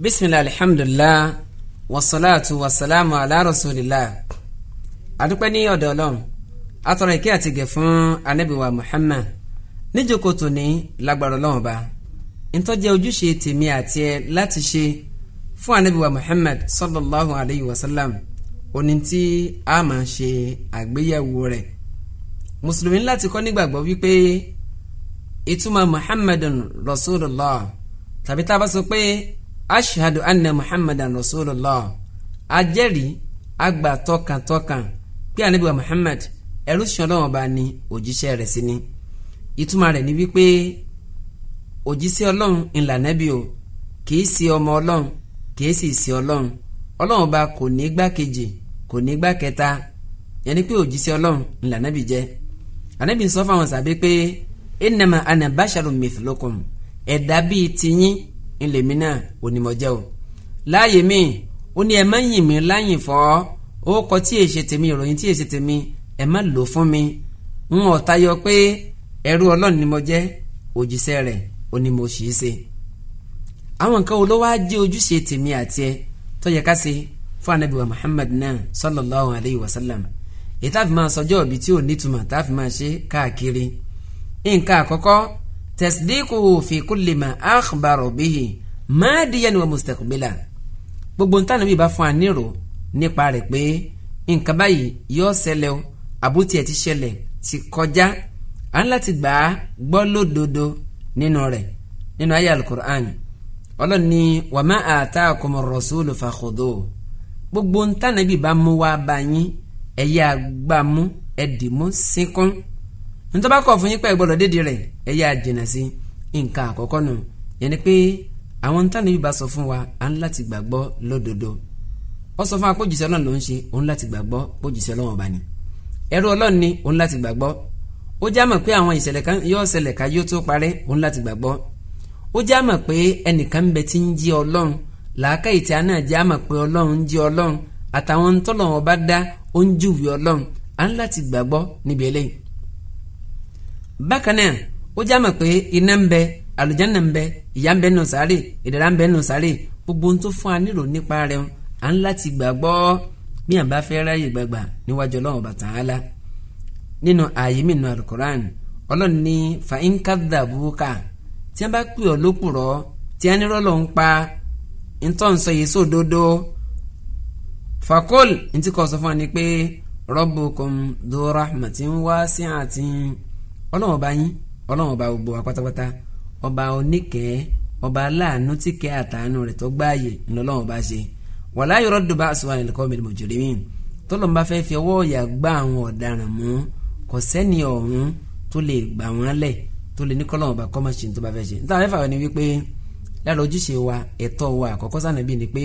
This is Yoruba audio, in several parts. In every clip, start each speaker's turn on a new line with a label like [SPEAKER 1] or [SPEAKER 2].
[SPEAKER 1] bisimilahi alihamdulilah wasalaatu wasalaamu ala rasulillah adúpẹ́ ní ọ̀dọ̀ ọlọ́run atọ́rọ̀ ìkẹ́ àti gẹ̀ fún anabiwa muhammad níjókòó tòní lágbára ọlọ́run ba ntọ́jẹ́ ojúṣe tèmi àti ẹ láti ṣe fún anabiwa muhammad sallallahu alayhi wa sallam oní tí a máa ṣe àgbéyẹ̀wò rẹ̀ mùsùlùmí láti kọ́ nígbàgbọ́ wípé ìtumọ̀ muhammadun rasulullah tàbí tá a bá sọ ashihadu anna muhammadan rasulullah ajẹ́rìí àgbà tọkàntọkàn pé ànábìwá muhammad ẹrú sọlọ́wọ́n bá ní òjíṣẹ́ rẹ̀ sí ni ìtumọ̀ rẹ̀ ni wípé òjíṣẹ́ ọlọ́run ńlànàbí o kìí sí ọmọ ọlọ́run kìí sì sí ọlọ́run ọlọ́run bá kò ní kò ní ni pé òjíṣẹ́ ọlọ́run ńlànàbí jẹ́ ànábì sọ fáwọn sàbí pé innama ana basharun ẹ̀dá bíi ńlẹ̀mí náà onímọ̀jẹ́ o láàyè mi ó ní ẹ má yìn mí láyìn fọ́ ó kọ tí èsì tèmi ìròyìn tí èsì tèmi ẹ má lò fún mi ń ọ̀tá pé ẹrú ọlọ́run ni mo jẹ́ òjíṣẹ́ rẹ̀ ó ní mo sì ṣe àwọn nǹkan wo ló jẹ́ ojúṣe tèmi àti ẹ tó yẹ ká ṣe fún anabi Muhammad náà sallallahu alayhi wa sallam èyí tá a fi máa sọjọ́ òbí tí ò nítumọ̀ tá máa ṣe káàkiri nǹkan àkọ́kọ́ tasdiquhu fi kulli ma akhbaro bihi madiyan wa mustaqbila gbogbo ntànà bíi bá fún wa nírò nípa rẹ̀ pé nǹkan báyìí yóò ṣẹlẹ̀ o àbútí ẹ̀ ti ṣẹlẹ̀ ti kọjá à ń láti gbà á gbọ́ lódodo nínú rẹ̀ nínú ayé alukur'an ọlọ́ni wa ma atakumur rasulu fakhudhu gbogbo ntànà bíi bá mú wa bá yín ẹ̀yà gbàmú ẹ̀dìmú sínkún ntọ́ba kọ̀ fún yín pé gbọ́dọ̀ dédìí rẹ̀ ẹ yá jìnnà sí nǹkan àkọ́kọ́ nù yẹn ni pé àwọn ntàní yìí bá sọ fún wa à ń láti gbàgbọ́ lódodo ó sọ fún apójìṣẹ́ ọlọ́run ló ń ṣe òun láti gbàgbọ́ pójìṣẹ́ ọlọ́run ọba ni ẹrú ọlọ́run ni òun láti gbàgbọ́ ó já mọ̀ pé àwọn ìṣẹ̀lẹ̀ kan yóò ṣẹlẹ̀ ká yóò tó parẹ́ òun láti gbàgbọ́ ó já mọ̀ pé ẹnìkan ń bẹ tí ń jí ọlọ́run làákà ìtì àná já mọ̀ pé ọlọ́run ń jí ọlọ́run àtàwọn ntọ́lọ́run ọba dá ó ń júwèé ọlọ́run à ń láti gbàgbọ́ níbi eléyìí bákan náà ó já mọ̀ pé iná ń bẹ àlùjáná ń bẹ ìyà ń bẹ nù sáré ìdẹ̀ra ń bẹ nù sáré gbogbo ohun tó fún wa nílò nípa rẹ̀ à ń láti gbàgbọ́ bí à bá fẹ́ ráyè gbàgbà níwájú ọlọ́run ọba Ta'ala nínú ààyè mi nù alukoran ọlọ́run ní fàínkàdà bùkà tí wọ́n bá pè ọ́ lókùrọ́ tí wọ́n nírọ́ ló ń pa ntọ́nsọ yìí sódodo fakol ntí kò sọ fún wa ni pé rabbukum dhu rahmatin wasi'atin ọlọ́run ọba yín ọlọ́run ọba gbogbo wa pátápátá ọba oníkẹ́ẹ́ ọba aláàánú tí kẹ́ àtàánú rẹ̀ tó gbáàyè ńlọ́lọ́run ọba ṣe wàlá yọrọ dùbà àṣọ àlẹ́ kọ́ mi mọ̀jọ́rìmí tọ́lọ́n bá fẹ́ fi ọwọ́ ọ̀yà gbá àwọn ọ̀daràn mú kò sẹ́ni ọ̀hún tó lè gbà wọ́n lẹ̀ tó lè ní kọ́lọ́run ọba kọ́ tó bá fẹ́ ṣe ni wípé lára ojúṣe wa ẹ̀tọ́ wa àkọ́kọ́ sànàbí ni pé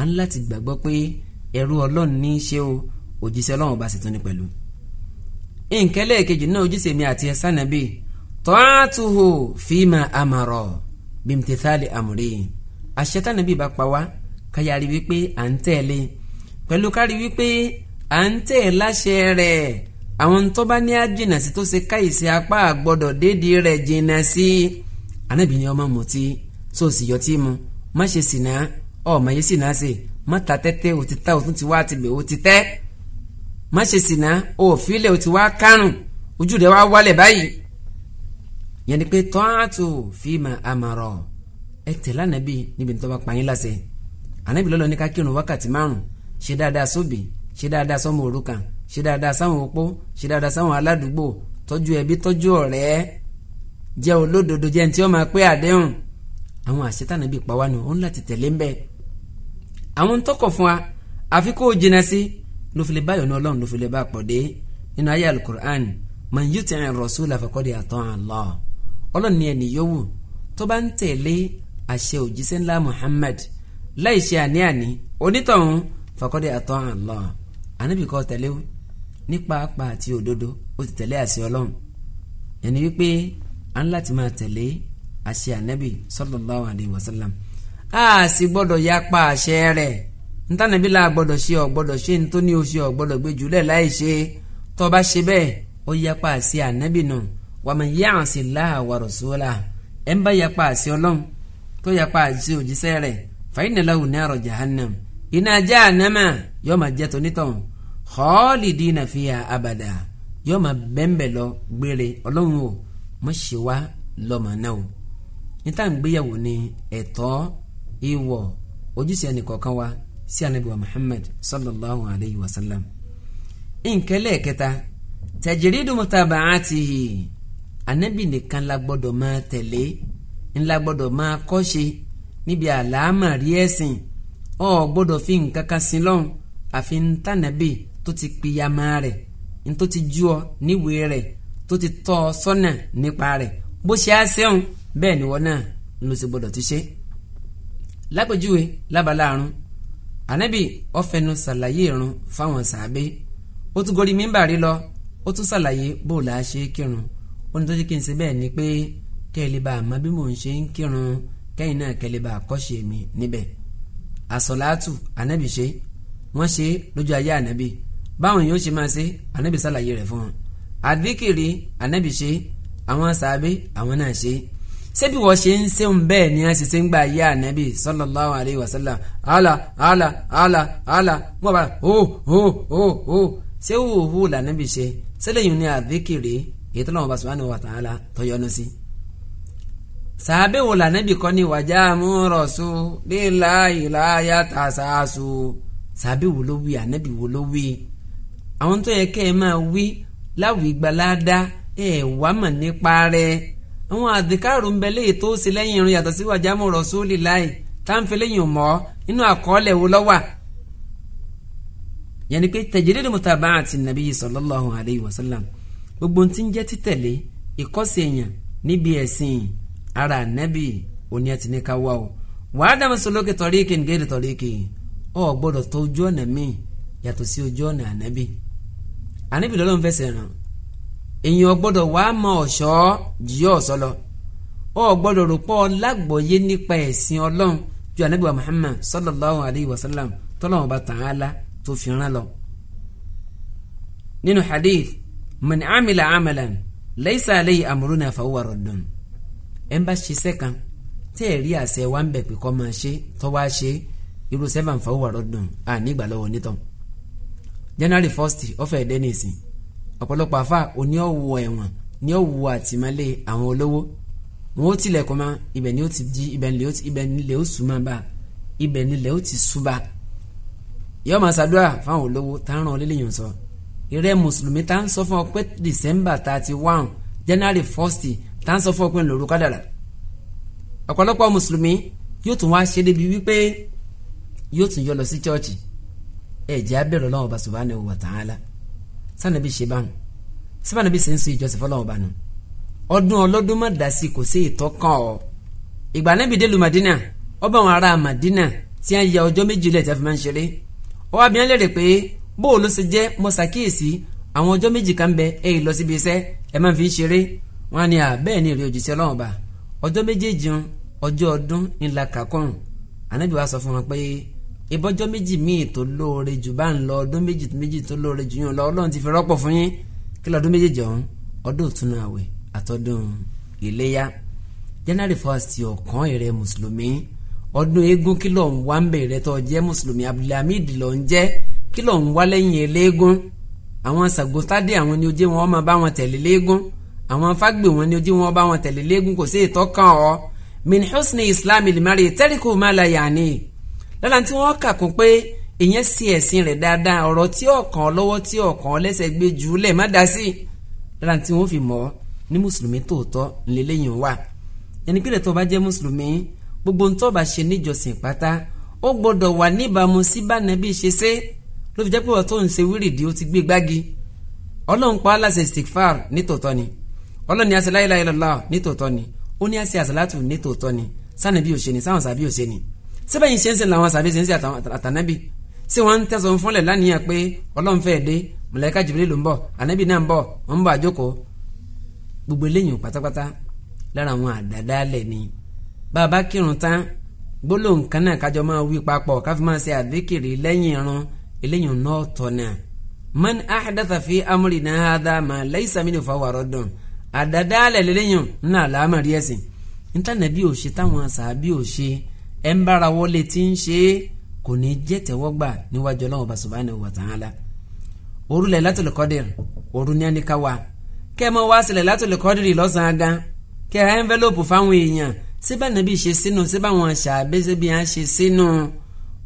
[SPEAKER 1] à ń láti gbàgbọ́ pé ẹrú ọlọ́run ní í ṣe nǹkan lẹ́ẹ̀kejì náà ojúṣe mi àti ẹ̀sán nàbí tọ́átùhù fíìmà àmàrọ̀ bímtẹ́tàlì àmúrí àṣetán nàbí bá pa wá káyàrí wípé à ń tẹ̀lé pẹ̀lú kárí wípé à ń tẹ̀ láṣẹ rẹ̀ àwọn tó ní àjìnà sí tó ṣe káyìsí apá àgbọ́dọ̀ déédéé rẹ̀ jìnà sí anábì ni ọmọ mutí tó sì yọ tí mu má ṣe sìnà ọ̀ mà yé sìnà sí má ta tẹ́tẹ́ òtítà òtún ti wá àtìgbè òtítẹ́ má ṣe sìnà òfìlẹ̀ ò ti wá kárùn ojú rẹ̀ wá wálẹ̀ báyìí yẹn ni pé tọ́hátù fíìmà àmàrọ̀ ẹ tẹ̀lé ànábì níbi tó bá pààyàn láṣẹ ànábì lọ́lọ́ ní ká kírun wákàtí márùn ṣe dáadáa sóbì ṣe dáadáa sọ́mọ òrukàn ṣe dáadáa sáwọn opó ṣe dáadáa sáwọn aládùúgbò tọ́jú ẹbí tọ́jú ọ̀rẹ́ jẹ́ olódodo jẹ́ ní tí ó máa pé àdéhùn àwọn àṣẹ tànábì pa òun láti tẹ̀lé ń bẹ́ẹ̀ àwọn tọkọ̀ fún wa àfi kó o jìnnà sí i ló fi lè bá ìyọ́nú ọlọ́run ló fi lè bá àpọ̀dé nínú ayé alukur'an man yuti'i rasula faqad ata'a Allah ọlọ́run ní ẹni yòówù tó bá ń tẹ̀lé àṣẹ òjíṣẹ́ ńlá Muhammad láì ṣe àní-àní onítọ̀hún faqad ata'a Allah ànábì kọ́ tẹ̀lé o ní pàápàá àti òdodo ó ti tẹ̀lé àṣẹ ọlọ́run yẹn ni wípé à ń láti máa tẹ̀lé àṣẹ ànábì sallallahu alayhi wa sallam a sì gbọ́dọ̀ pa àṣẹ rẹ̀ ntànàbí la gbọ́dọ̀ ṣe ọ gbọ́dọ̀ ṣe ní tó o ṣe ọ gbọ́dọ̀ gbé jùlẹ̀ láì ṣe tó bá ṣe bẹ́ẹ̀ yapa àṣẹ ànábì nù wàmí yá àṣẹ láà wa rasula bá yapa àṣẹ ọlọ́run tó yapa àṣẹ òjíṣẹ́ rẹ̀ fàyínàláwù ní àrò jahannam iná jahannama yóò máa jẹ́ tonítọ̀hún khalidina fiha abada yóò máa bẹ́ńbẹ̀ lọ gbére ọlọ́run o mọ̀ ṣe wá lọ́mọ náà o níta ń gbéyàwó ni ẹ̀tọ́ ìwọ̀ ojúṣe ẹnìkọ̀ọ̀kan wa sí anabi wa muhammad sallallahu alayhi wa sallam. nǹkan lẹ́ẹ̀kẹta tajiridu mutaba'atihi anabi nìkan la gbọ́dọ̀ máa tẹ̀lé ńlá gbọ́dọ̀ máa kọ́ṣe níbi àlàámà rí ẹ̀sìn ọ gbọ́dọ̀ fi nǹkan kan sin lọ́hùn àfi ń tànàbì tó ti pìyàmà rẹ̀ ń ti jú níwèé rẹ̀ tó ti tọ́ ọ nípa rẹ̀ bó ṣe á sẹ́hùn bẹ́ẹ̀ ni wọ́n náà ló ti gbọ́dọ̀ ti ṣe. lápèjúwe lábala àrùn anabi ọfẹnu ṣàlàyé irun fáwọn sàábé ó tún gorí mímbàrí lọ ó tún ṣàlàyé bó la ṣe kírun ó ní tó ṣe kí n ṣe bẹ́ẹ̀ ni pé kẹ́lẹ́bà àmọ́ bí mò ń ṣe ń kírun kẹ́yìn náà kẹ́lẹ́bà àkọ́ṣe mi níbẹ̀ àsọ̀láàtù anabi ṣe wọ́n ṣe lójú ayé anabi báwọn yóò ṣe máa ṣe anabi ṣàlàyé rẹ̀ fún wọn àdìkìrì anabi ṣe àwọn sàábé àwọn náà ṣe ṣebí wọ́n ṣe ń ṣeun bẹ́ẹ̀ ni wọ́n ṣe ṣe ń gba ayé ànábì sallallahu alayhi wa sallam ala ala ala ala wọ́n bá ho ho ho ho ṣé wò hó lànàbì ṣe sẹ́lẹ̀yìn ní àdékèrè èyí tó lọ́wọ́ bá subhanahu wa ta'ala tọ́yọ́nù sí. sàbẹ̀ wò lànàbì kọ́ ni wàjà múrọ̀sù lílá ìláyà tàṣàṣù sàbẹ̀ wò ló wí ànábì wò ló wí. àwọn tó yẹ kẹ́ ẹ máa wí láwùí gbalá dá ẹ̀ wá mọ̀ nípa rẹ̀ àwọn àdìkárò ń bẹ léyìí tó ṣe lẹ́yìn irun yàtọ̀ sí wàjámù rọ̀ṣúlì láì táǹfẹ́ lẹ́yìn mọ́ nínú àkọọ́lẹ̀ wo lọ́wà. yẹnni pé tẹ̀jẹ̀dẹ́dẹ́ mùtàbá àti nàbí sallallahu alayhi wa sallam gbogbo ti ń jẹ́ títẹ̀lé ìkọ́sẹ̀ èèyàn níbi ẹ̀sìn ara nàbì òní àti ní ká wá o wàá dàmú sọlọ́kì tọ́ríkì ngẹ́rì tọ́ríkì ọ̀ gbọ́dọ̀ tó ojú ọ̀nà míì yàtọ̀ sí ojú ọ̀nà ànábì èèyàn gbọ́dọ̀ wàá mọ ọ̀ṣọ́ jìyà ọ̀ṣọ́ lọ ọ gbọ́dọ̀ rò pọ̀ lágbọ̀ọ́yé nípa ẹ̀sìn ọlọ́run ju ànábì wa Muhammad sallallahu alayhi wa sallam tọ́lọ́wọ́n bá ta'ala tó fi rán lọ. nínú hadith man amila amalan laysa alayhi amruna fahuwa raddun ẹ̀ ń bá ṣiṣẹ́ kan tẹ́ ẹ̀rí àṣẹ wa ń bẹ̀ pé kó máa ṣe tó wá ṣe irú sẹ́fà fahuwa raddun à nígbà lọ́wọ́ nítàn January 1st ọ̀fẹ́ ẹ̀dẹ́ ọ̀pọ̀lọpọ̀ afa òní ọ̀wọ̀ ẹ̀wọ̀n ní ọ̀wọ̀ àtìmọ́lé àwọn olówó wọn ó tilẹ̀ kọ́ ma ibẹ̀ ni ó ti di ibẹ̀ nílẹ̀ ó ti ibẹ̀ ó sùn máa bá ibẹ̀ nílẹ̀ ó ti sùn bá yọ máa ṣàdúrà fáwọn olówó tá ń ràn ọlẹ́lẹ́yìn sọ ìrẹ́ mùsùlùmí tá ń sọ fún ọ pé december thirty one january first tá ń sọ fún ọ pé ńlọrọ kádàrà ọ̀pọ̀lọpọ̀ mùsùlùmí yóò tún wá ṣe débi wípé yóò tún yọ lọ sí chọ́ọ̀chì ẹ̀jẹ̀ abẹ́rẹ́ ọlọ́run ọba subhanahu wa ta'ala sanni bí ṣe báwọn sábà níbi sẹ́ńsù ìjọsìn fọlọ́wọ́n bá nù ọdún ọlọ́dún má dà sí kò sí ìtọ́kàn ọ ìgbà níbi délùú Madina ọba àwọn ará Madina tí a ya ọjọ́ méjì lẹ̀ tí a fi máa ń ṣeré ọwọ́ abiyan lè rè pé bóò ló ṣe jẹ́ mo ṣàkíyèsí àwọn ọjọ́ méjì kan bẹ ẹ̀ lọ síbi iṣẹ́ ẹ̀ máa fi ń ṣeré wọn ni à ni èrè òjìṣẹ́ ọlọ́wọ́n bá ọjọ́ méjèèjì ọjọ́ ọdún ńlá kàkọ́rùn ànábì wa sọ fún wọn pé ìbọ́jọ́ méjì míì tó lóore jù bá ń lọ ọdún méjì méjì tó lóore jù yín lọ ọlọ́run ti fi rọ́pò fún yín kí lọ́dún méjèèjì ọ̀hún ọdún ìtúnu àwẹ̀ àtọ́dún iléyá january first ọ̀kan èrè mùsùlùmí ọdún eégún kí ló ń wá ń bèrè tó jẹ́ mùsùlùmí abdulhamid ló ń jẹ́ kí ló ń wá lẹ́yìn eléégún àwọn sàgbótádé àwọn ni ojú wọn máa bá wọn tẹ̀lé léégún àwọn fágbè wọn ni ojú wọn bá wọn tẹ̀lé léégún kò sí ìtọ́kàn ọ min husni islam ilimari tẹ́ríkù má la yà Yani lára tí wọ́n kà kún pé ìyẹn sí ẹ̀sìn rẹ̀ dáadáa ọ̀rọ̀ tí ọ̀kan lọ́wọ́ tí ọ̀kan lẹ́sẹ̀ gbé jù ú lẹ̀ má dá sí lára tí wọ́n fi mọ̀ ọ́ ní mùsùlùmí tòótọ́ ńlẹ́lẹ́yìn wà ẹni pé tó bá jẹ́ mùsùlùmí gbogbo ń tó ṣe níjọsìn pátá ó gbọ́dọ̀ wà níbàámu sí bánẹ́bí ṣe ṣe ló fi jẹ́ pé ọ̀tọ́ ń ṣe wírìdì ó ti gbé gbági ni ọlọ́run ni la ilaha illallah nítòótọ́ ni ó ní aṣẹ àṣàlátù síbẹ̀ yìí ṣẹ́ńṣẹ́ làwọn sàbẹ̀ ṣẹ́ńṣẹ́ àtànábì sí wọn ń tẹ̀sán fúnlẹ̀ lánìyàn pé ọlọ́run fẹ́ dé mọ̀lẹ́ka jìbìrì ló ń bọ̀ ànábì náà ń bọ̀ wọ́n ń bọ̀ àjókòó gbogbo eléyìí pátápátá lára àwọn àdàdálẹ̀ ni bàbá kírun tán gbólóhùn kan náà kájọ máa wí papọ̀ káfí máa ṣe àdékèrè lẹ́yìn irun eléyìí náà tọ̀ náà man ahdatha fi amrina hadha ma laysa minhu fahuwa raddun àdàdálẹ̀ lẹ́yìn náà làá máa ẹ̀ ń bára wọlé tí ń ṣe é kò ní jẹ́ tẹ́wọ́gbà níwájú ọlọ́run ọba subhanahu wa ta'ala òru lẹ̀ látòlè kọ́dìrì òru ní ẹni ká wa kẹ́ ẹ mọ wá sílẹ̀ látòlè kọ́dìrì lọ́sàn-án gan kẹ́ ẹ ẹ́ńfẹ́lópù fáwọn èèyàn síbẹ̀ nàbí ṣe sínú síbẹ̀ àwọn àṣà abẹ́sẹ̀ bí wọ́n ṣe sínú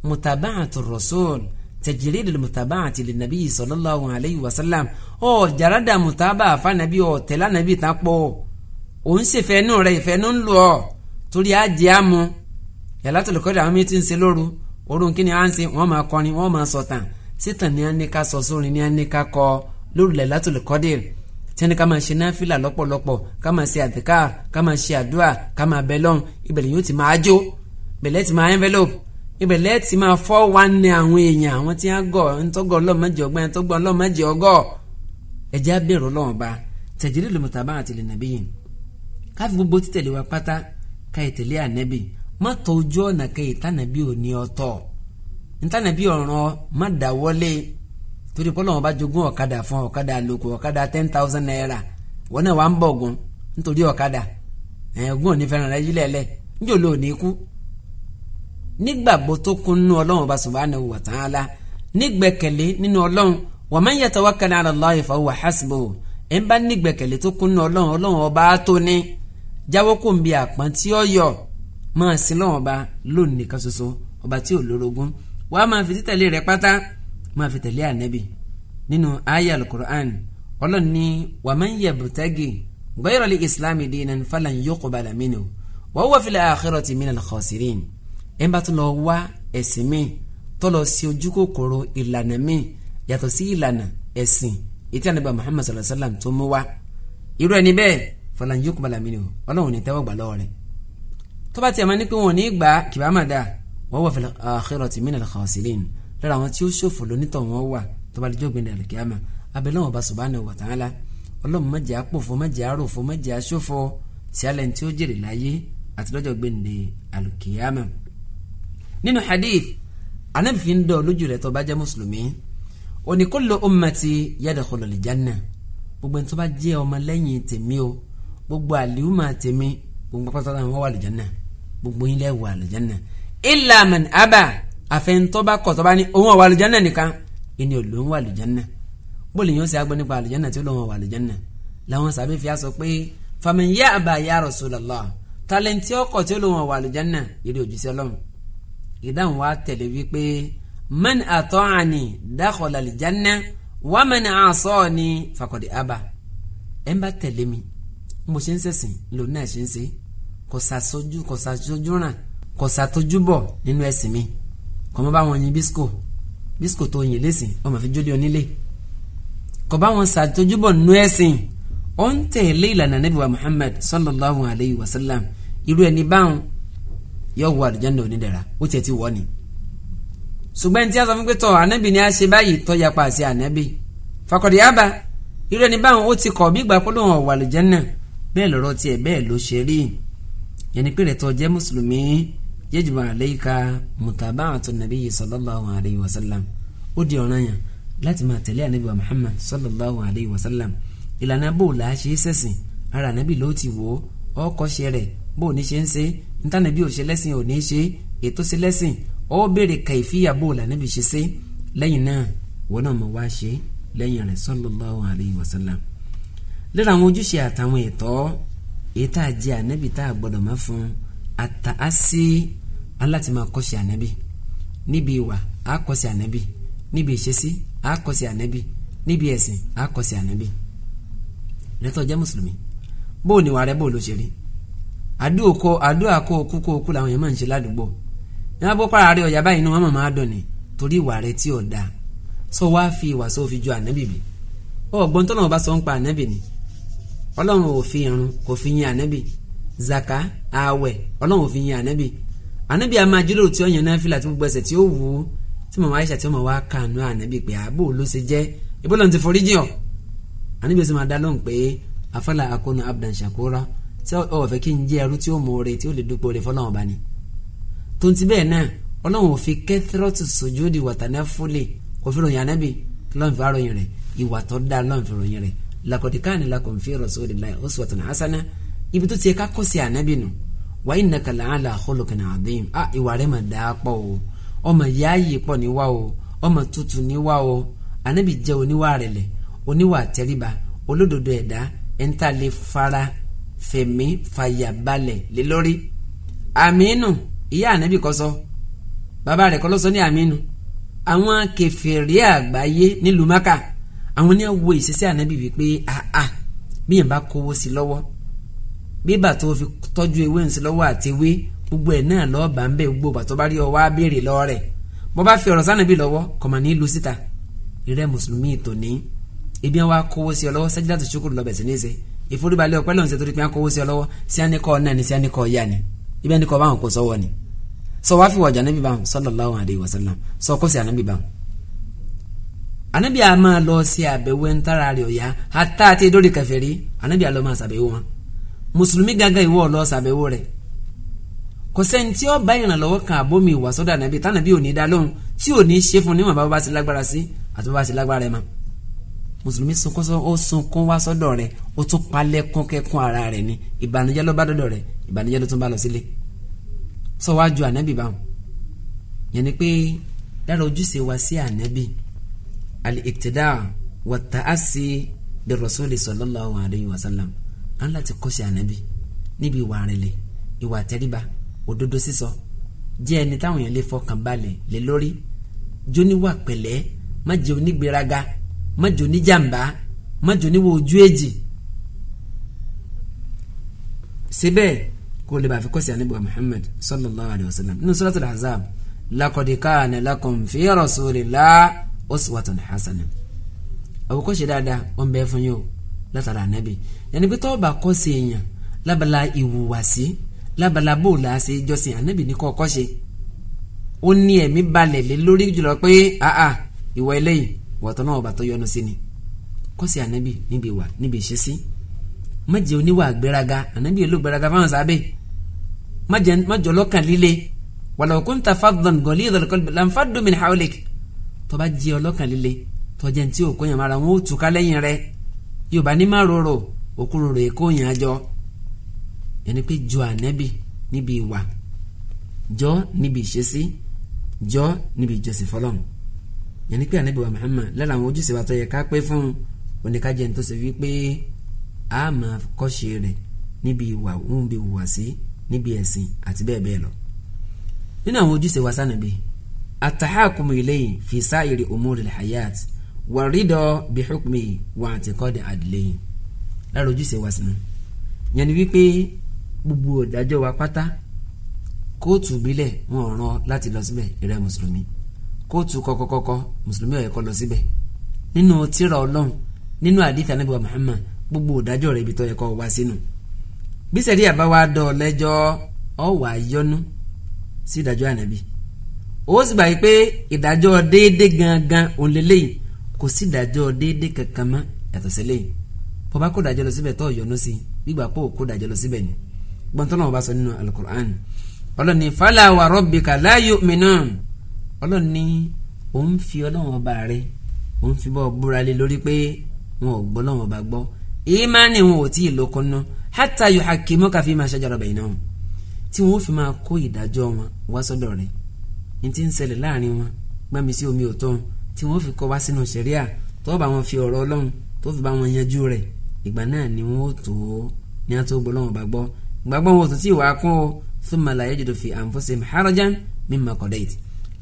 [SPEAKER 1] mutabaatu rasul tẹ̀jìrìdì mutabaati lè nàbí sallallahu alayhi wa sallam ọ̀ jàrádà mutaba àfànàbí ọ̀ tẹ̀lá nàbí tàpọ̀ òun ṣèfẹ́ nù rẹ̀ ìfẹ́ nù ń yàlátùlù kọ́dà àwọn méjì ń ṣe lóru orun kí ni à ń ṣe wọ́n máa kọrin wọ́n máa sọ̀tàn sítàn ní àníká sọ sórin ní àníká kọ lóru làlátùlù kọ́dà tí wọ́n ní ká máa ṣe náfìlà lọ́pọ̀lọpọ̀ ká máa ṣe àdìkà ká máa ṣe àdúrà ká máa bẹ lọ́n ibẹ̀lẹ̀ yóò ti máa jó ibẹ̀lẹ̀ ti máa envelope ibẹ̀lẹ̀ ti máa fọ́ wá ní àwọn èèyàn àwọn tí wọ́n gọ̀ ntọ́gọ̀ ọlọ́mọdé ọgbọ́n ntọ́gbọ́n ọlọ́mọdé ọgọ́ ẹ̀jẹ̀ abẹ́rù ọlọ́wọ́n ba tẹ̀jẹ̀lẹ́ lọ́mọtàbá àti lẹ́nàbíyìn káfí gbogbo títẹ̀lé wa pátá ká ìtẹ̀lé má tọ ojú ọ̀nà kẹyì tànàbí ò ní ọtọ ntànàbí ọ̀ràn má dáwọ́lé torí pọ́lọ́ wọn bá jogún ọ̀kadà fún ọ̀kadà àlòkù ọ̀kadà ten thousand naira wọn náà wà ń bọ̀ ògùn nítorí ọ̀kadà ẹ̀ ògùn òní fẹ́ràn rẹ yílẹ̀ lẹ̀ níjò ló ní kú nígbàgbọ́ tó kún nínú ọlọ́run bá subhanahu wa ta'ala nígbẹ̀kẹ̀lé nínú ọlọ́run wa man yatawakkal ala Allahi fa huwa hasbuh ẹ̀ ń bá nígbẹ̀kẹ̀lé tó kún nínú ọlọ́run ọlọ́run ọba á tó jáwọ́ kò ń bi àpọ́n tí ó yọ̀ máa sin lọ́wọ́n ọba lónìí nìkan ṣoṣo ọba tí ò lórogún wàá máa fi títẹ̀lé rẹ̀ pátá máa fi tẹ̀lé ànábì nínú aya al-Qur'an ọlọ́run ní wa man yabtagi ghayra al-islami dinan falan yuqbala minhu wa huwa fil akhirati minal khasirin ẹ̀ ń bá tó lọ wá ẹ̀sìn mi tó lọ sí ojú kòkòrò ìlànà mi yàtọ̀ sí ìlànà ẹ̀sìn ètí ànábì Muhammad sallallahu alayhi wa sallam tó mú wá irú ẹni bẹ́ẹ̀ falan yuqbala minhu ọlọ́run ní tẹ́wọ́ gbà lọ́wọ́ rẹ̀ tó bá tiẹ̀ máa ní pé wọn ò ní gbà kìbá máa dà wọ́n wà fil akhirati minal khasirin lára àwọn tí ó ṣòfò lónítọ̀ wọn wà tó bá dijọ́ gbẹ̀dẹ̀ àlùkìyàmà abẹ́lẹ́wọ̀n ọba subhanahu wa ta'ala ọlọ́run má jẹ́ àpòfo má jẹ́ àròfo má jẹ́ àṣòfo sí alẹ́ tí ó jèrè láyé àti lọ́jọ́ gbẹ̀dẹ̀ àlùkìyàmà. nínú hadith anabi fi ń dọ̀ lójú gbogbo ẹni tèmi gbogbo àlìhùmà tèmi wọn wà lùjánná gbogbo yín lẹ́ wà àlùjánnà illa man aba àfẹnutọ́ba kọ̀tọ́ba ní òun ọ̀wà àlùjánnà nìkan ẹni olóhùn wà àlùjánnà bóòlù yóò ṣe agbọ́ nípa àlùjánnà tí olóhùn wà àlùjánnà làwọn sàbẹ̀ fi sọ pé faman ya aba ya Rasulullah talenti ọkọ̀ tí olóhùn wà àlùjánnà eré òjúṣe ọlọ́run ìdáhùn wa tẹ̀lé wípé man ata'ani dakhala àlùjánnà wa man asani faqad aba ẹ̀ ń bá tẹ̀lé mi mo ṣe ń ṣẹ̀sìn lòun náà kò sàsojú kò sàsojú ràn kò sàtojú bọ̀ nínú ẹ̀sìn mi kò mọ́ bá wọn yin bísíkò bísíkò tó yin lẹ́sìn ó máa fi jólé onílé kò bá wọn sàtojú bọ̀ nínú ẹ̀sìn ó ń tẹ̀lé ìlànà Ànábì wa Muhammad sallallahu alayhi wa sallam irú ẹni báwọn yóò wọ àlùjánnà onídàra ó tiẹ̀ ti wọ́ ni ṣùgbọ́n ẹni tí a sọ fún pé tọ́ ànábì ni a ṣe báyìí tọ́ yapa àti ànábì fakọ̀dé yaba irú ẹni báwọn ó ti kọ̀ bí ìgbà pọ́lọ́wọ̀n wọ bẹ́ẹ̀ lọ́rọ́ tiẹ̀ bẹ́ẹ̀ ló ṣe rí i yẹni pé rẹ̀ tó jẹ́ mùsùlùmí yajibu alayka mutaba'atu nabiyyi sallallahu alayhi wa sallam ó di ọ̀ranyàn láti máa tẹ̀lé ànábì muhammad sallallahu alayhi wa sallam ìlànà bò là á ṣe é sẹ̀sìn ara ànábì ló ti wò ó ọkọ̀ ṣe rẹ̀ bó ní ṣe ń ṣe ntànàbí ò ṣe lẹ́sìn ò ní ṣe ètò ṣe lẹ́sìn ó béèrè kàìfíyà bó là ànábì ṣe èyí tá a jẹ ànábì tá a gbọ́dọ̀ má fún ata á sí aláti máa kọ́sí ànábì níbi ìwà á kọ́sí ànábì níbi ìṣesí á kọ́sí ànábì níbi ẹ̀sìn á kọ́sí ànábì rẹ́tọ̀ jẹ́ mùsùlùmí bó o níwà rẹ bó o ló ṣe rí àdúrà kó àdúrà kó okú kó okú làwọn yẹn máa ń ṣe ládùúgbò ní bó para rẹ ọ̀yà báyìí inú wọn máa dùn ni torí ìwà rẹ tí ò dáa sọ wá fi ìwà sọ fi ju ànábì bì ọ gbọ́n tó náà bá sọ ń pa ànábì ni ọlọ́run ò fi irun kò fi yin ànábì zaka ààwẹ̀ ọlọ́run ò fi yin ànábì ànábì àmà jíròrò tí ó yan náfìlà tí gbogbo ẹsẹ̀ tí ó wù ú tí màmá Aisha tí ó mọ̀ wá kànú ànábì pé àbò ló ṣe jẹ́ ìbò ti forí jìn ọ́ ànábì ó sì máa dá lóhùn pé afala akunu abdan shakura tí ó wọ̀ fẹ́ kí n jẹ́ ẹrú tí ó mọ oore tí ó lè dúpọ̀ oore fọlọ́run ọba ni tó ń ti bẹ́ẹ̀ náà ọlọ́run ò fi kẹ́tírọ́tù sojúdi wàtánẹ́fúlì kò fi ròyìn ànábì lọ́nfààròyìn rẹ̀ ìwà tó dáa lọ́nfààròyìn rẹ̀ lakọ̀dí káàní lakum fi rasulillahi uswatun hasana ibi tó ti yẹ ká kọ́ sí ànábì nù wa innaka la'ala khuluqin adhim a ìwà rẹ̀ mà dáa pọ̀ o ọmọ yáàyè pọ̀ níwá o ọmọ tútù níwá o ànábì jẹ́ oníwà rẹ̀lẹ̀ oníwà tẹríba olódodo ẹ̀dá ẹ̀ńtà fara fẹ̀mí fàyàbalẹ̀ lé lórí àmínú ìyá ànábì kọ́ sọ bàbá rẹ̀ kọ́ ló sọ àwọn kèfèrí àgbáyé nílùú Mákà àwọn ní àwọ ìṣesí ànábì wípé àà bíyàn bá kówó sí lọ́wọ́ bíbà tó fi tọ́jú ewé ń sí lọ́wọ́ àti ewé gbogbo ẹ̀ náà lọ́ọ́ bá ń bẹ̀ gbogbo bàtọ́ bá rí ọ wá béèrè lọ́ọ́ rẹ̀ bọ́ bá fi ọ̀rọ̀ sànàbì lọ́wọ́ kọ̀mọ̀ ní ìlú síta ìrẹ́ mùsùlùmí tòní ebi wa kówó sí ọ lọ́wọ́ sájídà tó ṣukúrù lọ́bẹ̀ sí ní ṣe ìforíbalẹ̀ ọ̀pẹ́ lọ́nṣẹ́ torí pé wọ́n kówó sí ọ lọ́wọ́ sí àníkọ́ náà ni sí àníkọ́ yá ni ibi àníkọ́ báwọn kò sọ́wọ́ ni sọ wá fi wàjà níbi báwọn sallallahu alaihi wasallam sọ kó sí ànábì báwọn anabi a máa lọ sí àbẹ̀wò ntara rẹ̀ ọ̀yá ata àti ìdórí kèfèrí anabi a lọ máa ṣàbẹ̀wò wọn mùsùlùmí gángan ìwọ lọ ṣàbẹ̀wò rẹ̀ kò sẹ́ni tí ó bá ìrànlọ́wọ́ kan àbómi ìwà sọ́dọ̀ anabi tànàbí ò ní dá lóhùn tí ò ní ṣe fún níwọ̀n bàbá bá ti lágbára sí àti bàbá ti lágbára ẹ̀ mọ́ mùsùlùmí sunkún ó sunkún wá sọ́dọ̀ rẹ̀ ó tún palẹ̀ kún ara rẹ̀ ni ìbànújẹ́ ló bá dọ̀dọ̀ rẹ̀ ìbànújẹ́ ló tún bá lọ sílé sọ wájú anabi báwọn yẹn ni pé dára ojúṣe wa sí anabi al-iktida wa ta'asi bi rasuli sallallahu alayhi wa sallam an láti kọ́ṣe ànábì níbi ìwà àrẹ̀lẹ̀ ìwà àtẹríba òdodo sísọ jẹ́ ẹni táwọn èèyàn lè fọkàn balẹ̀ lé lórí jóníwà pẹ̀lẹ́ má jẹ́ onígbéraga má jẹ́ oníjàmbá má jẹ́ oníwò ojú èjì síbẹ̀ kó lè bá fi kọ́sí anábìwá Muhammad sallallahu alayhi wa sallam nínú suratul Ahzab laqad kana lakum fi rasulillah uswatun hasana àwòkọ́ṣe dáadáa wọ́n bẹ́ẹ̀ fún yín o látara ànábì ẹni pé tọ́ọ̀bà kọ́ sí èèyàn lábala ìwùwàsí lábala bóòlù àṣẹ ìjọsìn ànábì ní kọ́ kọ́ṣe ó ní ẹ̀mí balẹ̀ lé lórí jùlọ pé àà ìwọ eléyìí wọ̀tọ́ náà ọba tó yọnu sí ni kọ́sí ànábì níbi ìwà níbi ìṣesí má jẹ́ oníwà àgbéraga ànábì èlò gbéraga fáwọn sábẹ́ má jẹ́ ọlọ́kàn líle wàlọ́kùn tafadàn gọ̀lì ìdọ̀lọ́kọ̀ lànfàdùn min hawlik tọba jí ọlọ́kàn líle tọjẹ́ ní tí òkú yàn mára wọn ó túká lẹ́yìn rẹ yorùbá ní má rorò òkú rorò èkó yàn jọ yẹnni pé jọ ànẹ́bì níbi ìwà jọ níbi ìṣesí jọ níbi ìjọsìn fọlọ́n yẹnni pé ànẹ́bì wa Muhammad lára àwọn ojúṣe wa tó yẹ ká pé fún oníkájẹ́ ní tó ṣe wípé a máa kọ́ṣe rẹ̀ níbi ìwà òun bí ìwà sí níbi ẹ̀sìn àti bẹ́ẹ̀ bẹ́ẹ̀ lọ nínú àwọn ojúṣe wa sànàbí atahakumu ilayhi fi sa'iri umuri alhayat wa rido bi hukmi wa atikodi adlayi lára ojúṣe wa sinu yẹn ni wípé gbogbo ìdájọ́ wa pátá kóòtù bílẹ̀ wọn ò rán láti lọ síbẹ̀ ìrẹ́ mùsùlùmí kóòtù kọ́kọ́kọ́kọ́ mùsùlùmí ò yẹ kó lọ síbẹ̀ nínú tírà ọlọ́run nínú àdìtà Ànábì wa Muhammad gbogbo ìdájọ́ rẹ̀ ibi tó yẹ kó wá sínú bísẹ̀rí àbáwá dọ̀ lẹ́jọ́ ọ̀ wà yọnu sí ìdájọ́ ànábì ó sì gbà yìí pé ìdájọ́ déédéé gangan òun lélẹ́yìn kò sí ìdájọ́ déédéé kankan mọ́ yàtọ̀ sílẹ̀ yìí bó bá kó ìdájọ́ lọ síbẹ̀ tó yọnu sí gbígbà pò kó ìdájọ́ lọ síbẹ̀ ni gbọ́ntàn náà wọ́n bá sọ nínú alukur'an ọlọ́ni fàlà wà rabbika la yu'minun ọlọ́ni òun fi ọlọ́wọ́n ọba rẹ òun fi bọ́ búra lé lórí pé wọn ò gbọ́ lọ́wọ́n ọba gbọ́ ìmánì wọn ò tí ì lókun ná hatta yuhakkimuka fima shajara bainahum tí wọn fi máa kó ìdájọ́ wọn wá sọ́dọ̀ rẹ̀ ní ti ń ṣẹlẹ̀ láàrin wọn gbẹ́mi sí omi òtọ́ tí wọ́n fi kọ́ wá sínú sẹ̀ríà tó bá wọn fi ọ̀rọ̀ ọlọ́run tó fi bá wọn yanjú rẹ̀ ìgbà náà ni wọ́n tó ní a tó gbọ́lọ́wọ́n bá gbọ́ ìgbàgbọ́ wọn ò tó tí ìwà kún o fún màláyé jòdò fi àǹfọ̀sẹ̀m harajan mímọ kọ̀dẹ̀ ìtì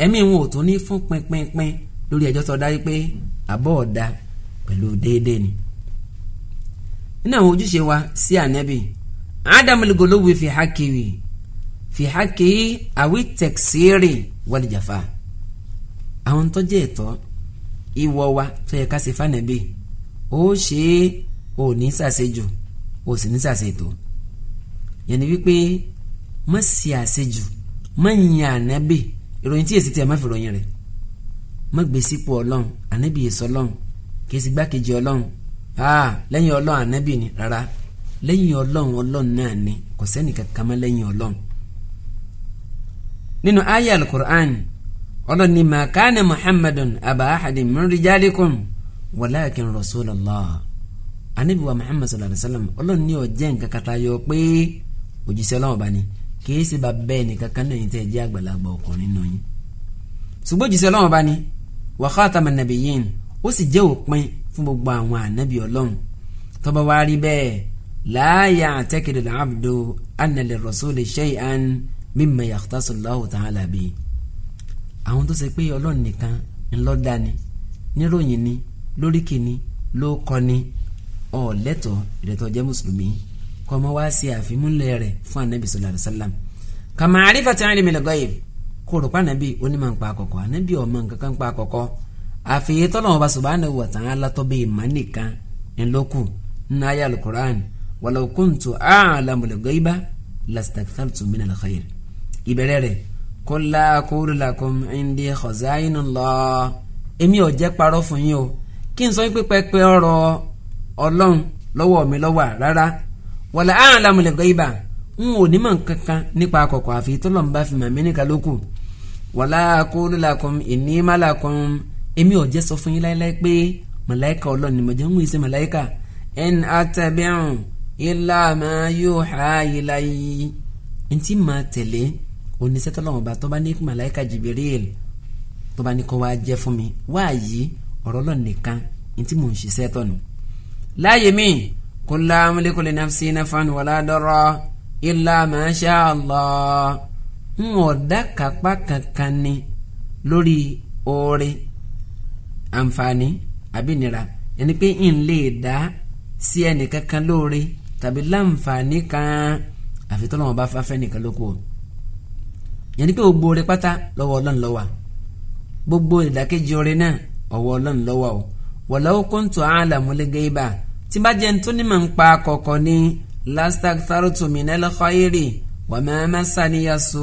[SPEAKER 1] ẹ̀mí wọn ò tó ní fún pínpínpín lórí ẹjọ́ tó dárí pé àbọ̀ ọ̀dà pẹ̀lú déédéé ni. nínú àwọn ojúṣe wa sí ànẹ́bì ádámù lùgọ́lówó fi hákìrì fi hákì àwí tẹ̀síìrì wal jafa àwọn tó jẹ́ ìwọ wa tó yẹ ká ṣe fànàbí ó ṣe é ò ní ṣàṣejù ò sì ní ṣàṣetò yẹn ni wípé má ṣe àṣejù má yin ànábì ìròyìn tí èsì tí a má fi ròyìn rẹ̀ má gbé sípò ọlọ́run ànábì èso ọlọ́run kì í sì gbákejì ọlọ́run aa lẹ́yìn ànábì ni rárá lẹ́yìn ọlọ́run ọlọ́run náà ni kò sẹ́nìkan kan mọ́ lẹ́yìn ọlọ́run nínú ayé alukur'an ọlọ́run ní ma kana muhammadun aba ahadin min rijalikum walakin rasulallah anabi wa muhammad sallallahu alayhi wa sallam ọlọ́run ní ọ̀jẹ̀ nǹkan kata yọ pé òjíṣẹ́ ọlọ́run ọba ni kìí bá bẹ́ẹ̀ nìkan kan náà yìí tẹ́ ẹ jẹ́ àgbàlagbà ọkùnrin náà yìí ṣùgbọ́n òjíṣẹ́ ọlọ́run ọba ni wa khataman nabiyyin ó sì jẹ́ òpin fún gbogbo àwọn ànábì ọlọ́run tó bá bẹ́ẹ̀ la ya'taqidu al-abdu anna lirrasuli shay'an mímọ yàtọ̀sọ̀láhùn tàn án làbí àwọn tó ṣe pé ọlọ́run nìkan ńlọ́dá ni níròyìn ni lóríkì ni ló kọ́ ni ọ̀ lẹ́tọ̀ọ́ ìrètọ́ jẹ́ mùsùlùmí kọ́ ọmọ wá sí àfimúnlẹ̀ rẹ̀ fún anabi sọlá àdìsálàm kàmá àrífà tí wọn lè mìlẹ̀ gọ́yè kó rò pa anabi onímọ̀ ń pa àkọ́kọ́ anabi ọmọ nǹkan kan ń pa àkọ́kọ́ àfihàn tọ́lọ́wọ́n bá subhanahu wa ta'ala tó bẹ́ẹ̀ má nìkan ńlọ́kù nínú ayé alukur'an walaw kuntu a'lamul ghaiba lastakthartu minal khair ìbẹ̀rẹ̀ rẹ̀ kó la kúrú la kó ndí khazainu Allah èmi ò jẹ́ parọ́ fún yín o kí n sọ pé pẹpẹ ọ̀rọ̀ Ọlọ́run lọ́wọ́ mi lọ́wọ́ rárá wala a'lamu al-ghaiba n ò ní mọ̀ kankan nípa àkọ́kọ́ àfi tó lọ́n bá fi màmí nìkan lókù wala kúrú la kó inni malakun èmi ò jẹ́ sọ fún yín láéláé pé màláìka Ọlọ́run mo jẹ́ ń wíṣẹ́ màláìka ẹn àtẹ̀bẹ̀rún ilá máa yóò ha ìlà yìí oníṣẹ́ tọ́lọ́wọ́n bá tọ́ba ní màláìka Jibril tọ́ba ní kọ́ wá jẹ́ fún mi wáàyí ọ̀rọ̀ lọ nìkan ní mò ń ṣiṣẹ́ tọ̀nù. láàyè mi kò la amúlékò lè nafsi nafan wàlá dọ́rọ́ illa ma sha Allah ń ọ̀dà kápá kankan ni lórí oore àǹfààní àbínira ẹni pé ń lè dá sí ẹnì kankan lóore tàbí láǹfààní kan àfitọ́lọ́wọ́n bá fáfẹ́ nìkan lóko yẹn ni pé gbogbo oore pátá lọ́wọ́ ọlọ́run ló wà gbogbo ìdàkejì oore náà ọwọ́ ọlọ́run ló wà o walau kuntu a'lamul ghaiba tí bá jẹ́ nítorí mọ̀ ń pa kọ̀ọ̀kọ̀ ní lastakthartu minal khairi wa ma massaniya su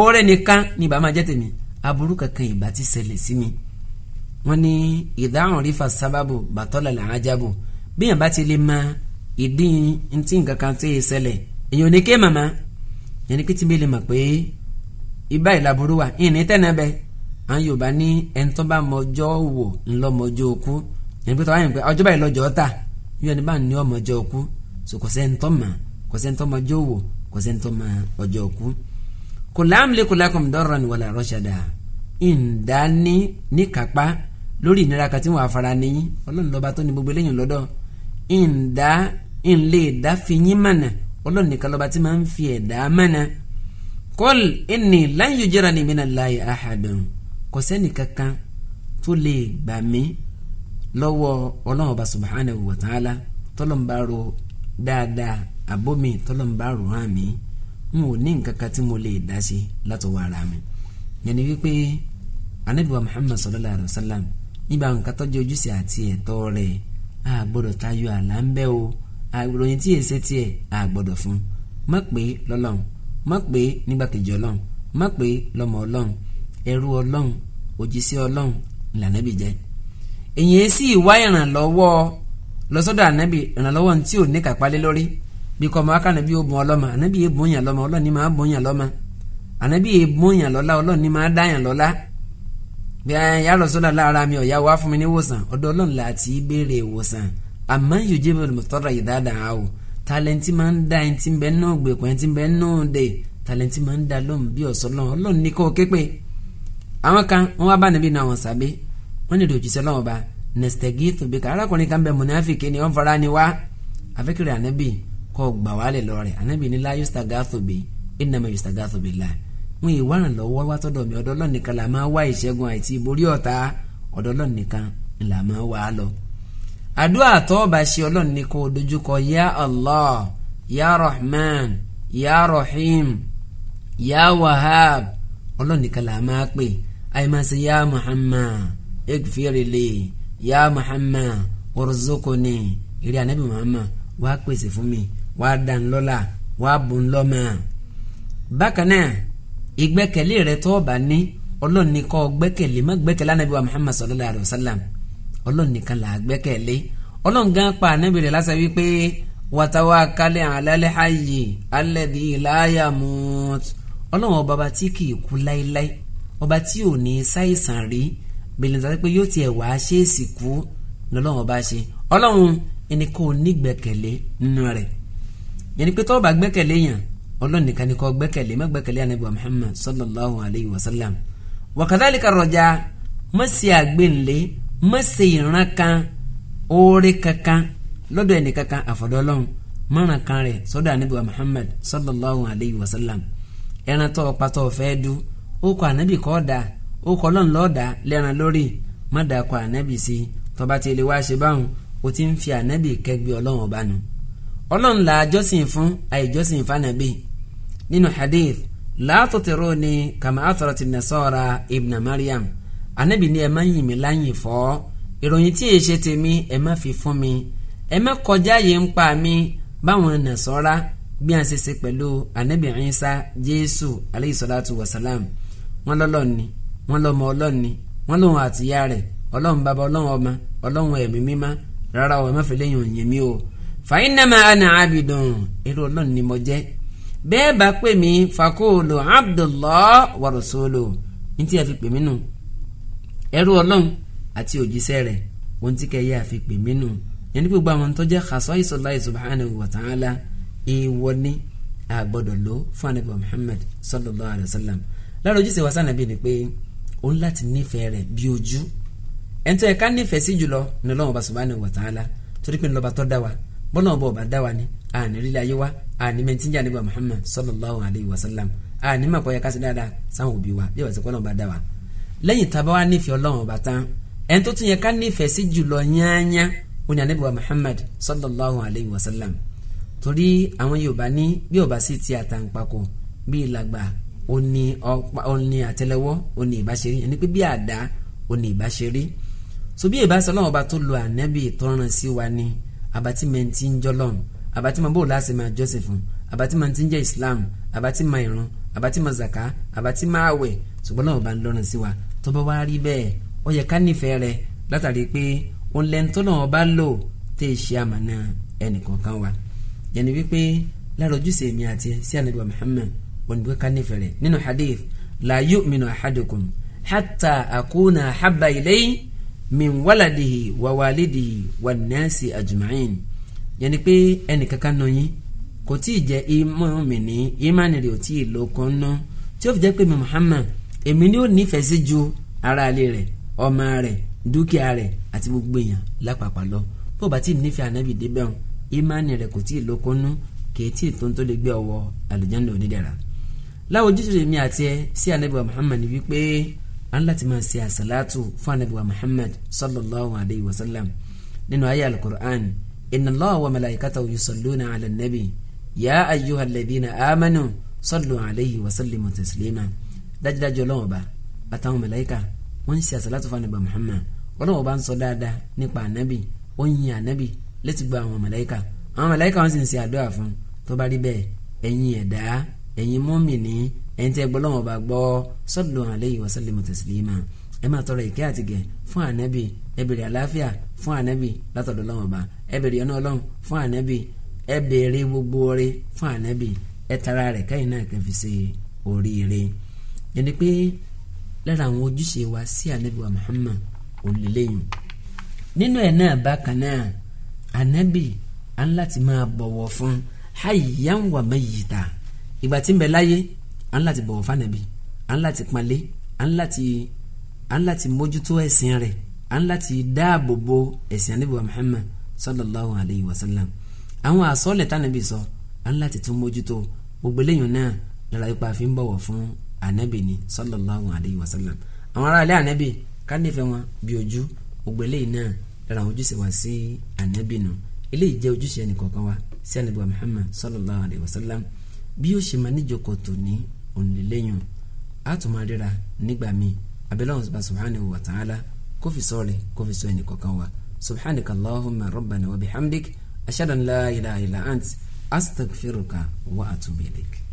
[SPEAKER 1] oore nìkan ní ìbá máa jẹ́ tèmi aburú kankan ìbá ti ṣẹlẹ̀ sí mi wọ́n ní ìdáhùn rífà sábàbù bàtọ́lá làájábù bí yàn bá ti lè máa ìdí ntí nǹkan kan tí ì èyàn ò ní ké màmá yẹn ni pé tí mi lè mọ̀ pé ibà ìlàbúrú wa ìní tẹ́nabẹ́ àwọn Yorùbá ní ẹni tó bá mọjọ́ wò ńlọmọjọ́ òkú ẹni pé tó wáyé pé ọjọ́ báyìí lọ́jọ́ ta yóò ẹni bá ní ọmọjọ́ òkú so kò sẹ́ni tó mọ̀ kò sẹ́ni tó mọjọ́ wò kò sẹ́ni tó ọjọ́ òkú. kò láàmúlé kò lákòm dọ́rọ̀ ni wàlà rọ́ṣàdà ìǹdání níkàpá lórí ìnira kan tí wọ́n afara níyí ọlọ́run lọ́ba tó ní gbogbo eléyìn lọ́dọ̀ ìǹdá ìǹlẹ̀ ìdá fi yín mọ̀nà ọlọ́run nìkan tí máa kọ́l ẹnì láyò jẹ́ra ni mìíràn láyé àhàdùn kò sẹ́ni kankan tó lè gbà mí lọ́wọ́ ọlọ́run ọba subhanahu wa ta'ala tọ́lọ́mbàrò dáadáa àbómi tọ́lọ́mbàrò hàn mí n ò ní nǹkan kan tí mo lè dá sí látọwọ́ mi yẹn wípé anabiwa muhammad sallallahu alayhi wa sallam nígbà nǹkan tọ́jú ojúṣe àti ẹ̀tọ́ rẹ̀ a gbọ́dọ̀ tayọ àlá ń bẹ́ o àgbọ̀dọ̀ yẹn tí èsè tiẹ̀ a gbọ́dọ̀ fún mọ̀ pé lọ́lọ́run má pè é nígbàkejì ọlọ́run má pè é lọ́mọ ọlọ́run ẹrú ọlọ́run òjíṣẹ́ ọlọ́run ìlànà bí jẹ́ èyí sì wá ìrànlọ́wọ́ lọ́sọ́dọ̀ ànábì ìrànlọ́wọ́ tí ò ní kápálẹ́ lórí bí kọ́ máa kànábì ó bùn ọlọ́mọ ànábì yé bùn yàn lọ́mọ ọlọ́ni máa bùn yàn lọ́mọ ànábì yé bùn yàn lọ́lá ọlọ́ni máa dá yàn lọ́lá bí ya lọ́sọ́dọ̀ lára mi ọ̀yá wá fún mi ní wòsàn ọ̀dọ̀ ọlọ́run láti béèrè wòsàn àmọ́ yòjé mi ò tọ́ra ìdáadáa o talenti máa ń da ẹni tí ń bẹ náà gbẹ̀kọ́ ẹni tí ń bẹ náà dẹ̀ talenti máa ń da lọ́hùn bí ọ̀sọ́ lọ́hùn ọlọ́run ní kọ́ képe. àwọn kan wọn wá bá níbi náà wọn sàbẹ wọn nílò òjíṣẹ́ lọ́wọ́ bá nẹ̀sítẹ́gì tòbíkà arákùnrin kan bẹ mùnáfíkì ni wọ́n fara ni wá afẹ́kẹ̀rẹ̀ ànábì kọ́ gbà wá lẹ̀ lọ́rẹ̀ ànábì ní láyé sàgáàtòbí ìnàmọ̀ yóò sàgáàtòbí la wọn yìí wá ìrànlọ́wọ́ wá tọ́dọ̀ mi ọ̀dọ̀ ọlọ́run nìkan là máa wá ìṣẹ́gun àìtí borí ọ̀tá ọ̀dọ̀ ọlọ́run nìkan là máa wá lọ àdúrà tó bá ṣe ọlọ́run ni kò dojúkọ ya allah ya rahman ya rahim ya wahab ọlọ́run nìkan là máa pè àìmáṣe ya muhammad ekfirili ya muhammad orzokoni eré anabi muhammad wàá pèsè fún mi wàá dàn lọ́la wàá bùn lọ́mọ. bákan náà ìgbẹ́kẹ̀lé rẹ tó bá ní ọlọ́run ni kó gbẹ́kẹ̀lé má gbẹ́kẹ̀lé anabi wa muhammad sallallahu alayhi wa sallam ọlọ́run nìkan là á gbẹ́kẹ̀lé ọlọ́run gan pa ànábì rẹ̀ lásán wípé wàtàwá kálẹ̀ àlálẹ́ ayé alẹ́bí láyà mọ́t ọlọ́run ọba bá tí kì í kú láéláé ọba tí ò ní ṣàìsàn rí bẹ̀lẹ̀ nígbà pé yóò tiẹ̀ wá ṣe é sì kú lọ́lọ́run ọba ṣe ọlọ́run ẹni kò ní gbẹ́kẹ̀lé nínú rẹ̀ yẹn ni pé tọ́ọ̀bà gbẹ́kẹ̀lé yàn ọlọ́run nìkan ni kó gbẹ́kẹ̀lé má gbẹ́kẹ̀lé ànábì Muhammad sallallahu alayhi wa sallam wàkàtàlíkà rọjà mọ́sí àgbẹ̀ǹlé má ṣe ìran kan oore kankan lọ́dọ̀ ẹnì kankan àfọ̀dọ̀ ọlọ́run márùn kan rẹ̀ sọ́dọ̀ ànábì wa Muhammad sallallahu alayhi wa sallam ẹran tó pàtó fẹ́ du ó kọ ànábì kọ́ da ó kọ ọlọ́run lọ́ọ̀dà lẹ́ran lórí má dà kọ ànábì sí tọ́ba ti lè wá ṣe báwọn o ti ń fi ànábì kẹgbẹ́ ọlọ́run ọba nu ọlọ́run là á jọ́sìn fún àìjọ́sìn fànàbì nínú hadith la tutiruni kama atrat an-nasara ibn Maryam anabi ni ẹ má yìn mí láyìn fọ́ ìròyìn tí èyí ṣe tèmi ẹ má fi fún mi ẹ má kọjá yìí ń pa mi báwọn nàṣọ́ra bí a ṣe ṣe pẹ̀lú anabi Isa Jésù aleyhi salatu wa salam wọn lọ́lọ́ni wọn lọ́mọ ọlọ́ni wọn lòun àtìyá rẹ̀ ọlọ́run bàbá ọlọ́run ọmọ ọlọ́run ẹ̀mí mímá rárá o ẹ má fi lẹ́yìn òyìn mi o fàyínàmà àná àbìdùn irú ọlọ́run ni mo jẹ́ bẹ́ẹ̀ bá pè mí fakóòlù abdullah wa rasuluhu ní tí a fi pè mí nù ẹrú ọlọ́run àti òjíṣẹ́ rẹ̀ ohun tí kẹyẹ àfi pè mí nù yẹnni gbogbo àwọn tó jẹ́ khasa'isullahi subhanahu wa ta'ala èèwọ̀ ni àgbọ̀dọ̀ ló fún anabi muhammad sallallahu alayhi wa sallam lára ojúṣe wa sànàbí ni pé ó ń láti nífẹ̀ẹ́ rẹ̀ bí ojú ẹ̀ńtọ́ ẹ̀ka nífẹ̀ẹ́ sí jùlọ ní Ọlọ́hun bá subhanahu wa torí pé ńlọba tó dá wa bọ́nà ọba ọba dá wa ni àní rí láyé wa àní mẹ́tíjà nígbà muhammad sallallahu alayhi wa sallam àní màpọ̀ yẹ ká sí dáadáa sáwọn òbí wa bí wàá lẹ́yìn tá a bá wá nífẹ̀ẹ́ ọlọ́run ọba tán ẹni tó tún yẹ ká nífẹ̀ẹ́ sí jùlọ yányá òní anábìwá muhammad sallallahu alayhi wa sallam torí àwọn yorùbá ní bí ọba sì ti àtàǹpàkò bí ìlàgbà òní ọ̀pá òní àtẹ́lẹwọ́ òní ìbáṣeré ẹni pé bí àdá òní ìbáṣeré so bí ìbáṣe ọlọ́run ọba tó lo ànábì tọ́ran sí wa ni abati mẹ́ntì ń jọlọ́run abati mọ bóòlù àti mọ joseph abati mọ ti ń jẹ́ islam abati mọ ìrun abati mọ zaka abati mọ àwẹ̀ ṣùgbọ́n náà ọba ń lọ́rùn sí wa tó bá wá rí bẹ́ẹ̀ ó yẹ ká nífẹ̀ẹ́ rẹ̀ látàrí pé òun lẹ́nu tó lọ́wọ́ bá lò tẹ́ ẹ ṣe àmàna ẹnìkọ̀ọ̀kan wa yẹn wípé lára ojúṣe mi àti sí ànábì wa Muhammad wọn ká nífẹ̀ẹ́ rẹ̀ nínú hadith la yu'minu ahadukum hatta akuna habba ilayhi min waladihi wa walidihi wa nasi ajma'in yẹn ni pé ẹnìkankan nọ yín kò tí ì jẹ́ ìmọ̀ mi ní ìmánìrì ò tí ì lókun ná tí ó fi jẹ́ pé mi Muhammad èmi ni ó nífẹ̀ẹ́ sí ju aráalé rẹ̀ ọmọ rẹ̀ dúkìá rẹ̀ àti gbogbo èèyàn lápapọ̀ lọ bó bá tí ì nífẹ̀ẹ́ ànábì débẹ̀ ọ̀hún ìmánì rẹ̀ kò tí ì lókunú kì í tí ì tó ń tó lè gbé ọwọ́ àlùjáde onídàra láwọn ojútùú èmi àti ẹ sí ànábì wa Muhammad wípé a ń láti máa ṣe àṣàlátù fún ànábì Muhammad sallallahu alayhi wa sallam nínú ayé alukur'an inna Allaha wa malaikatahu yusalluna ala nabi ya ayyuhalladhina amanu sallu alayhi wa sallimu taslima dájúdájú ọlọ́run ọba àtàwọn mẹ̀láíkà wọ́n ń ṣe àsàlátù fún ànábì Muhammad ọlọ́run ọba ń sọ dáadáa nípa ànábì ó ń yin ànábì létí gba àwọn mẹ̀láíkà àwọn mẹ̀láíkà wọ́n sì ń ṣe àdúrà fún tó bá rí bẹ́ẹ̀ ẹ̀yin ẹ̀dá ẹ̀yin mùmínì ẹ̀yin tẹ́ gbọ́ ọlọ́run ọba gbọ́ sallu alayhi wa sallimu taslima ẹ máa tọrọ ìkẹ́ àtìgẹ̀ fún ànábì ẹ béèrè àlàáfíà fún tara rẹ̀ kẹ́yìn náà kẹfì sí oríire yẹn ni pé lára àwọn ojúṣe wa sí anabi wa Muhammad olùlẹ́yìn nínú ẹ̀ náà bákan náà anabi à ń láti máa bọ̀wọ̀ fún hayyan wa mayyita ìgbà tí ń bẹ láyé à ń láti bọ̀wọ̀ fún anabi à ń láti panlé à ń láti à ń láti mójútó ẹ̀sìn rẹ̀ à ń láti dáàbò bo ẹ̀sìn anabi wa Muhammad sallallahu alayhi wa sallam àwọn àsọ̀lẹ̀ tánàbì sọ à ń láti tún mójútó gbogbo eléyìí náà lára ipa fi ń bọ̀wọ̀ fún anabi ni sallallahu alayhi wa sallam àwọn ará ilé anabi ká nífẹ̀ẹ́ wọn bí ojú gbogbo eléyìí náà lára àwọn ojúṣe wa sí anabi nù eléyìí jẹ́ ojúṣe ẹnìkọ̀ọ̀kan wa sí anabi wa muhammad sallallahu alayhi wa sallam bí ó ṣe máa níjókòó tó ní òǹlẹ́lẹ́yìn àtúmọ̀ríra nígbà míì abẹ́lẹ́wọ̀n bá wa ta'ala kó fi sọ rẹ̀ ẹnìkọ̀ọ̀kan wa subhanaka allahumma rabbana wa bihamdik ashhadu la ilaha illa ant astaghfiruka wa atubu